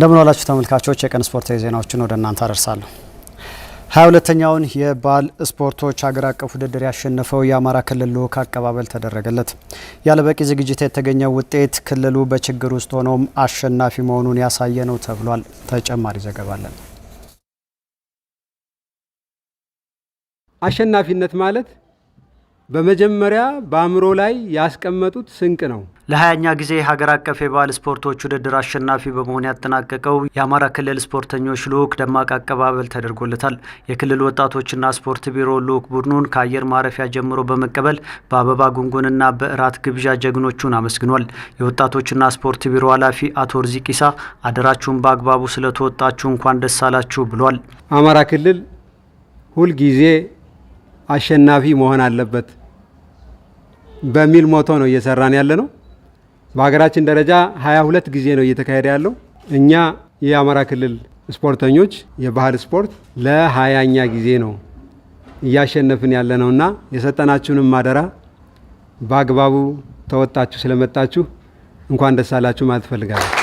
እንደምን ዋላችሁ ተመልካቾች፣ የቀን ስፖርታዊ ዜናዎችን ወደ እናንተ አደርሳለሁ። ሀያ ሁለተኛውን የባል ስፖርቶች ሀገር አቀፍ ውድድር ያሸነፈው የአማራ ክልል ልዑክ አቀባበል ተደረገለት። ያለበቂ ዝግጅት የተገኘው ውጤት ክልሉ በችግር ውስጥ ሆኖም አሸናፊ መሆኑን ያሳየ ነው ተብሏል። ተጨማሪ ዘገባ አለን። አሸናፊነት ማለት በመጀመሪያ በአእምሮ ላይ ያስቀመጡት ስንቅ ነው። ለሀያኛ ጊዜ ሀገር አቀፍ የባህል ስፖርቶች ውድድር አሸናፊ በመሆን ያጠናቀቀው የአማራ ክልል ስፖርተኞች ልዑክ ደማቅ አቀባበል ተደርጎለታል። የክልል ወጣቶችና ስፖርት ቢሮ ልዑክ ቡድኑን ከአየር ማረፊያ ጀምሮ በመቀበል በአበባ ጉንጉንና በእራት ግብዣ ጀግኖቹን አመስግኗል። የወጣቶችና ስፖርት ቢሮ ኃላፊ አቶ ርዚቂሳ አደራችሁን በአግባቡ ስለተወጣችሁ እንኳን ደስ አላችሁ ብሏል። አማራ ክልል ሁልጊዜ አሸናፊ መሆን አለበት በሚል ሞቶ ነው እየሰራን ያለ ነው። በሀገራችን ደረጃ ሀያ ሁለት ጊዜ ነው እየተካሄደ ያለው። እኛ የአማራ ክልል ስፖርተኞች የባህል ስፖርት ለሀያኛ ጊዜ ነው እያሸነፍን ያለ ነው እና የሰጠናችሁንም ማደራ በአግባቡ ተወጣችሁ ስለመጣችሁ እንኳን ደስ አላችሁ ማለት እፈልጋለሁ።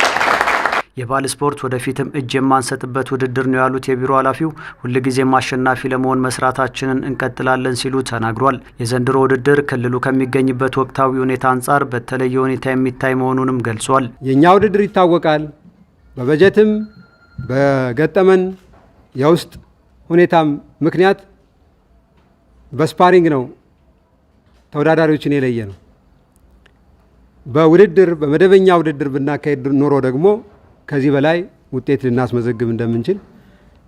የባል ስፖርት ወደፊትም እጅ የማንሰጥበት ውድድር ነው ያሉት የቢሮ ኃላፊው ሁልጊዜም አሸናፊ ለመሆን መስራታችንን እንቀጥላለን ሲሉ ተናግሯል። የዘንድሮ ውድድር ክልሉ ከሚገኝበት ወቅታዊ ሁኔታ አንጻር በተለየ ሁኔታ የሚታይ መሆኑንም ገልጿል። የእኛ ውድድር ይታወቃል። በበጀትም በገጠመን የውስጥ ሁኔታም ምክንያት በስፓሪንግ ነው ተወዳዳሪዎችን የለየ ነው። በውድድር በመደበኛ ውድድር ብናካሄድ ኖሮ ደግሞ ከዚህ በላይ ውጤት ልናስመዘግብ እንደምንችል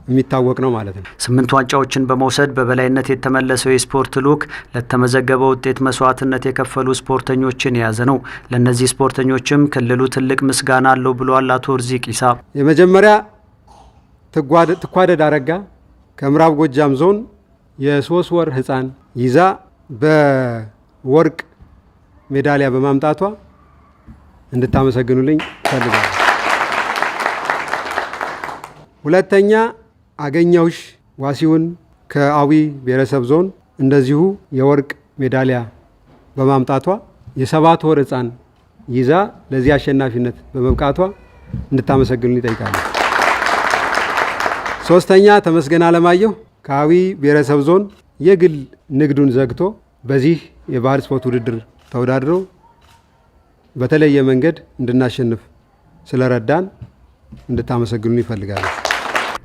የሚታወቅ ነው ማለት ነው። ስምንት ዋንጫዎችን በመውሰድ በበላይነት የተመለሰው የስፖርት ልዑክ ለተመዘገበ ውጤት መስዋዕትነት የከፈሉ ስፖርተኞችን የያዘ ነው። ለእነዚህ ስፖርተኞችም ክልሉ ትልቅ ምስጋና አለው ብሏል አቶ እርዚቅ ኢሳ። የመጀመሪያ ትኳደድ አረጋ ከምዕራብ ጎጃም ዞን የሶስት ወር ህፃን ይዛ በወርቅ ሜዳሊያ በማምጣቷ እንድታመሰግኑልኝ ፈልጋለሁ። ሁለተኛ አገኛውሽ ዋሲውን ከአዊ ብሔረሰብ ዞን እንደዚሁ የወርቅ ሜዳሊያ በማምጣቷ የሰባት ወር ህፃን ይዛ ለዚህ አሸናፊነት በመብቃቷ እንድታመሰግኑ ይጠይቃሉ። ሶስተኛ ተመስገን አለማየሁ ከአዊ ብሔረሰብ ዞን የግል ንግዱን ዘግቶ በዚህ የባህል ስፖርት ውድድር ተወዳድሮ በተለየ መንገድ እንድናሸንፍ ስለረዳን እንድታመሰግኑን ይፈልጋሉ።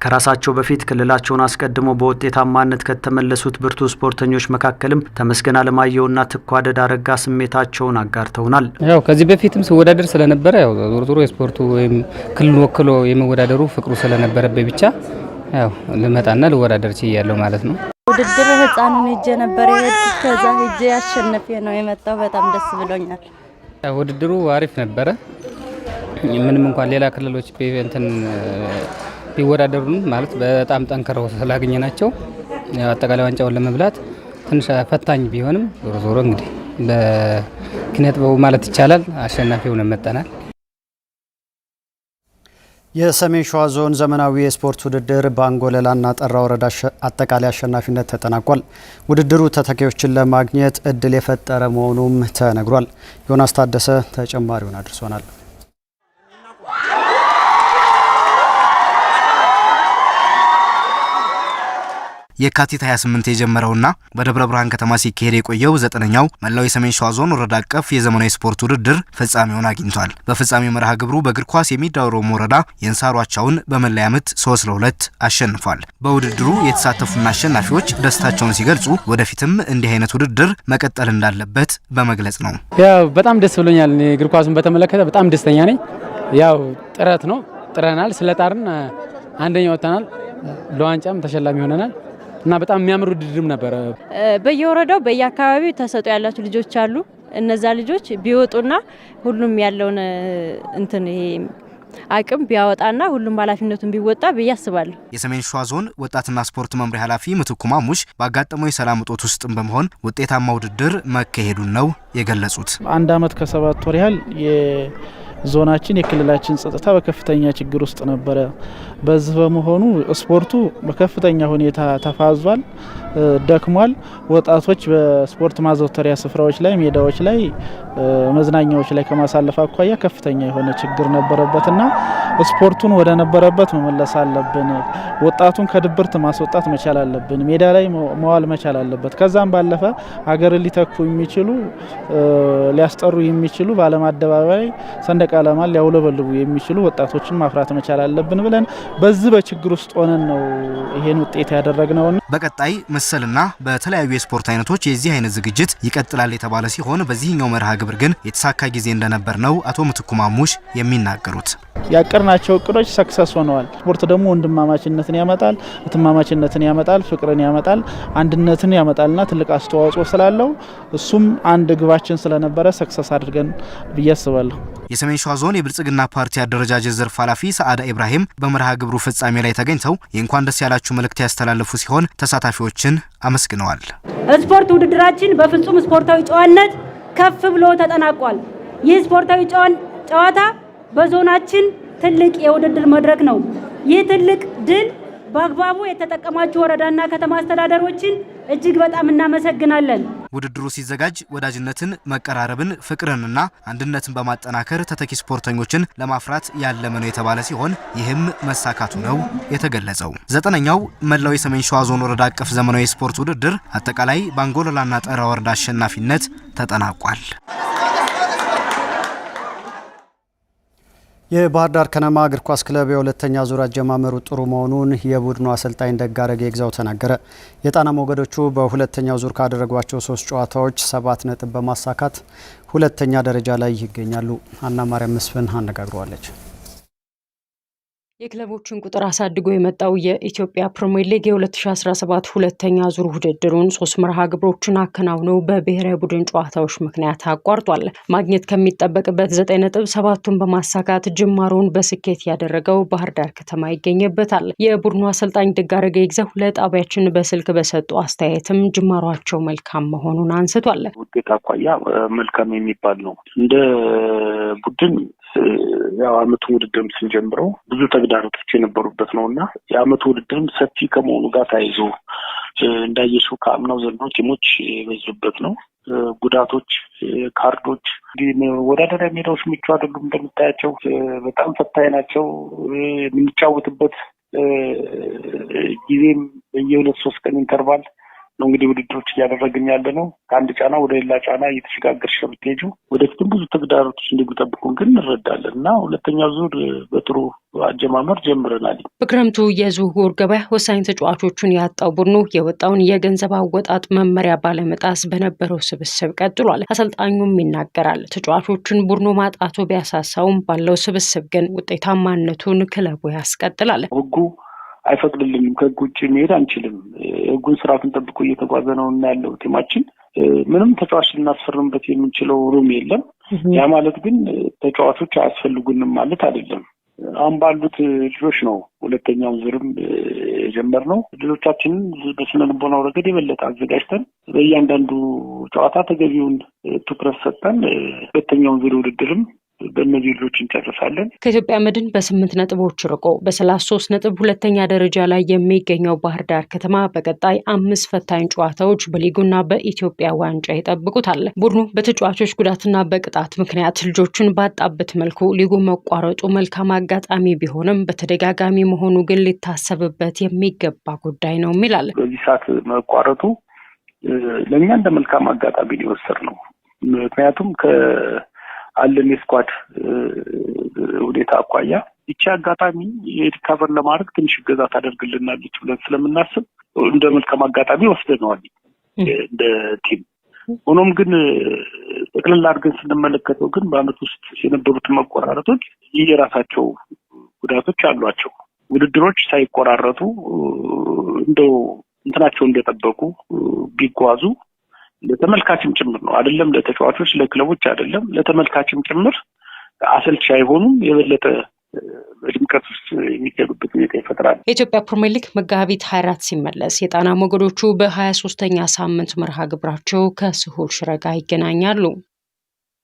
ከራሳቸው በፊት ክልላቸውን አስቀድሞ በውጤታማነት ከተመለሱት ብርቱ ስፖርተኞች መካከልም ተመስገን አለማየሁና ትኳደድ አረጋ ስሜታቸውን አጋርተውናል። ያው ከዚህ በፊትም ስወዳደር ስለነበረ ያው ዞሮ ዞሮ የስፖርቱ ወይም ክልል ወክሎ የመወዳደሩ ፍቅሩ ስለነበረበት ብቻ ያው ልመጣና ልወዳደር ችያለሁ ማለት ነው። ውድድር ህፃኑን ሄጄ ነበር የሄድኩት። ከዛ ሄጄ አሸነፌ ነው የመጣው። በጣም ደስ ብሎኛል። ውድድሩ አሪፍ ነበረ። ምንም እንኳን ሌላ ክልሎች በኢቨንትን ቢወዳደሩን ማለት በጣም ጠንክረው ስላገኘ ናቸው አጠቃላይ ዋንጫውን ለመብላት ትንሽ ፈታኝ ቢሆንም ዞሮ ዞሮ እንግዲህ በኪነት ማለት ይቻላል አሸናፊ ሆነን መጠናል። የሰሜን ሸዋ ዞን ዘመናዊ የስፖርት ውድድር በአንጎለላና ጠራ ወረዳ አጠቃላይ አሸናፊነት ተጠናቋል። ውድድሩ ተተኪዎችን ለማግኘት እድል የፈጠረ መሆኑም ተነግሯል። ዮናስ ታደሰ ተጨማሪውን አድርሶናል። የካቲት 28 የጀመረውና በደብረ ብርሃን ከተማ ሲካሄድ የቆየው ዘጠነኛው መላው የሰሜን ሸዋ ዞን ወረዳ አቀፍ የዘመናዊ ስፖርት ውድድር ፍጻሜውን አግኝቷል። በፍጻሜው መርሃ ግብሩ በእግር ኳስ የሚዳ ወረዳ የእንሳሩ አቻውን በመለያ ምት 3 ለ2 አሸንፏል። በውድድሩ የተሳተፉና አሸናፊዎች ደስታቸውን ሲገልጹ ወደፊትም እንዲህ አይነት ውድድር መቀጠል እንዳለበት በመግለጽ ነው። ያው በጣም ደስ ብሎኛል። እግር ኳሱን በተመለከተ በጣም ደስተኛ ነኝ። ያው ጥረት ነው ጥረናል፣ ስለጣርን አንደኛ ወጥተናል። ለዋንጫም ተሸላሚ ሆነናል። እና በጣም የሚያምር ውድድርም ነበረ። በየወረዳው በየአካባቢው ተሰጡ ያላቸው ልጆች አሉ። እነዛ ልጆች ቢወጡና ሁሉም ያለውን እንትን ይሄ አቅም ቢያወጣና ሁሉም ኃላፊነቱን ቢወጣ ብዬ አስባለሁ። የሰሜን ሸዋ ዞን ወጣትና ስፖርት መምሪያ ኃላፊ ምትኩ ማሙሽ ባጋጠመው የሰላም እጦት ውስጥም በመሆን ውጤታማ ውድድር መካሄዱን ነው የገለጹት። አንድ አመት ከሰባት ወር ያህል ዞናችን የክልላችን ጸጥታ በከፍተኛ ችግር ውስጥ ነበረ። በዚህ በመሆኑ ስፖርቱ በከፍተኛ ሁኔታ ተፋዟል፣ ደክሟል። ወጣቶች በስፖርት ማዘውተሪያ ስፍራዎች ላይ፣ ሜዳዎች ላይ፣ መዝናኛዎች ላይ ከማሳለፍ አኳያ ከፍተኛ የሆነ ችግር ነበረበትና ስፖርቱን ወደ ነበረበት መመለስ አለብን። ወጣቱን ከድብርት ማስወጣት መቻል አለብን። ሜዳ ላይ መዋል መቻል አለበት። ከዛም ባለፈ ሀገርን ሊተኩ የሚችሉ ሊያስጠሩ የሚችሉ በዓለም አደባባይ ሰንደቅ ዓላማን ሊያውለበልቡ የሚችሉ ወጣቶችን ማፍራት መቻል አለብን ብለን በዚህ በችግር ውስጥ ሆነን ነው ይሄን ውጤት ያደረግነው። በቀጣይ ምስልና በተለያዩ የስፖርት አይነቶች የዚህ አይነት ዝግጅት ይቀጥላል የተባለ ሲሆን በዚህኛው መርሃ ግብር ግን የተሳካ ጊዜ እንደነበር ነው አቶ ምትኩ ማሙሽ የሚናገሩት። ያቀርናቸው እቅዶች ሰክሰስ ሆነዋል። ስፖርት ደግሞ ወንድማማችነትን ያመጣል፣ እትማማችነትን ያመጣል፣ ፍቅርን ያመጣል፣ አንድነትን ያመጣልና ትልቅ አስተዋጽኦ ስላለው እሱም አንድ ግባችን ስለነበረ ሰክሰስ አድርገን ብዬ አስባለሁ። የሰሜን ሸዋ ዞን የብልጽግና ፓርቲ አደረጃጀት ዘርፍ ኃላፊ ሰአዳ ኢብራሂም በመርሃ ግብሩ ፍጻሜ ላይ ተገኝተው የእንኳን ደስ ያላችሁ መልእክት ያስተላለፉ ሲሆን ተሳታፊዎችን አመስግነዋል። ስፖርት ውድድራችን በፍጹም ስፖርታዊ ጨዋነት ከፍ ብሎ ተጠናቋል። ይህ ስፖርታዊ ጨዋታ በዞናችን ትልቅ የውድድር መድረክ ነው። ይህ ትልቅ ድል በአግባቡ የተጠቀማችሁ ወረዳና ከተማ አስተዳደሮችን እጅግ በጣም እናመሰግናለን። ውድድሩ ሲዘጋጅ ወዳጅነትን፣ መቀራረብን፣ ፍቅርንና አንድነትን በማጠናከር ተተኪ ስፖርተኞችን ለማፍራት ያለመ ነው የተባለ ሲሆን ይህም መሳካቱ ነው የተገለጸው። ዘጠነኛው መላው የሰሜን ሸዋ ዞን ወረዳ አቀፍ ዘመናዊ ስፖርት ውድድር አጠቃላይ በአንጎሎላና ጠራ ወረዳ አሸናፊነት ተጠናቋል። የባህር ዳር ከነማ እግር ኳስ ክለብ የሁለተኛ ዙር አጀማመሩ ጥሩ መሆኑን የቡድኑ አሰልጣኝ እንደጋረገ ይግዛው ተናገረ። የጣና ሞገዶቹ በሁለተኛው ዙር ካደረጓቸው ሶስት ጨዋታዎች ሰባት ነጥብ በማሳካት ሁለተኛ ደረጃ ላይ ይገኛሉ። አና ማርያም መስፍን አነጋግረዋለች። የክለቦቹን ቁጥር አሳድጎ የመጣው የኢትዮጵያ ፕሪሚየር ሊግ የ2017 ሁለተኛ ዙር ውድድሩን ሶስት መርሃ ግብሮችን አከናውነው በብሔራዊ ቡድን ጨዋታዎች ምክንያት አቋርጧል። ማግኘት ከሚጠበቅበት ዘጠኝ ነጥብ ሰባቱን በማሳካት ጅማሮውን በስኬት ያደረገው ባህር ዳር ከተማ ይገኝበታል። የቡድኑ አሰልጣኝ ድጋረገ ይግዛው ለጣቢያችን በስልክ በሰጡ አስተያየትም ጅማሯቸው መልካም መሆኑን አንስቷል። ውጤት አኳያ መልካም የሚባል ነው እንደ ቡድን ያው አመቱ ውድድርም ስንጀምረው ብዙ ተግዳሮቶች የነበሩበት ነው እና የአመቱ ውድድርም ሰፊ ከመሆኑ ጋር ተያይዞ እንዳየሽው ከአምናው ዘንድሮ ቲሞች የበዙበት ነው። ጉዳቶች፣ ካርዶች፣ ወዳደሪያ ሜዳዎች ምቹ አይደሉም። እንደምታያቸው በጣም ፈታኝ ናቸው። የምንጫወትበት ጊዜም የሁለት ሶስት ቀን ኢንተርቫል ነው እንግዲህ ውድድሮች እያደረግን ያለ ነው። ከአንድ ጫና ወደ ሌላ ጫና እየተሸጋገርሽ ነው ወደፊትም ብዙ ተግዳሮቶች እንዲጠብቁን ግን እንረዳለን እና ሁለተኛ ዙር በጥሩ አጀማመር ጀምረናል። በክረምቱ የዝውውር ገበያ ወሳኝ ተጫዋቾቹን ያጣው ቡድኑ የወጣውን የገንዘብ አወጣጥ መመሪያ ባለመጣስ በነበረው ስብስብ ቀጥሏል። አሰልጣኙም ይናገራል። ተጫዋቾችን ቡድኑ ማጣቱ ቢያሳሳውም ባለው ስብስብ ግን ውጤታማነቱን ክለቡ ያስቀጥላል። ህጉ አይፈቅድልንም። ከህግ ውጭ መሄድ አንችልም። ህጉን ስርዓቱን ጠብቆ እየተጓዘ ነው እና ያለው ቲማችን ምንም ተጫዋች ልናስፈርምበት የምንችለው ሩም የለም። ያ ማለት ግን ተጫዋቾች አያስፈልጉንም ማለት አይደለም። አሁን ባሉት ልጆች ነው ሁለተኛው ዙርም የጀመርነው። ልጆቻችንን በስነ ልቦናው ረገድ የበለጠ አዘጋጅተን በእያንዳንዱ ጨዋታ ተገቢውን ትኩረት ሰጠን። ሁለተኛውን ዙር ውድድርም በእነዚህ እንጨርሳለን። ከኢትዮጵያ መድን በስምንት ነጥቦች ርቆ በሰላሳ ሶስት ነጥብ ሁለተኛ ደረጃ ላይ የሚገኘው ባህር ዳር ከተማ በቀጣይ አምስት ፈታኝ ጨዋታዎች በሊጉና በኢትዮጵያ ዋንጫ ይጠብቁታል። ቡድኑ በተጫዋቾች ጉዳትና በቅጣት ምክንያት ልጆቹን ባጣበት መልኩ ሊጉ መቋረጡ መልካም አጋጣሚ ቢሆንም በተደጋጋሚ መሆኑ ግን ሊታሰብበት የሚገባ ጉዳይ ነው ይላል። በዚህ ሰዓት መቋረጡ ለእኛ እንደ መልካም አጋጣሚ ሊወሰድ ነው። ምክንያቱም አለን የስኳድ ሁኔታ አኳያ ይቺ አጋጣሚ የሪካቨር ለማድረግ ትንሽ እገዛ ታደርግልናለች ብለን ስለምናስብ እንደ መልካም አጋጣሚ ወስደነዋል እንደ ቲም። ሆኖም ግን ጠቅልል አድርገን ስንመለከተው ግን በአመት ውስጥ የነበሩትን መቆራረጦች የራሳቸው ጉዳቶች አሏቸው። ውድድሮች ሳይቆራረጡ እንደው እንትናቸው እንደጠበቁ ቢጓዙ ለተመልካችም ጭምር ነው አይደለም፣ ለተጫዋቾች ለክለቦች አይደለም፣ ለተመልካችም ጭምር አሰልች አይሆኑም የበለጠ በድምቀት ውስጥ የሚገኙበት ሁኔታ ይፈጥራል። የኢትዮጵያ ፕሪምየር ሊግ መጋቢት ሀያ አራት ሲመለስ የጣና ሞገዶቹ በሀያ ሶስተኛ ሳምንት መርሃ ግብራቸው ከስሁል ሽረ ጋር ይገናኛሉ።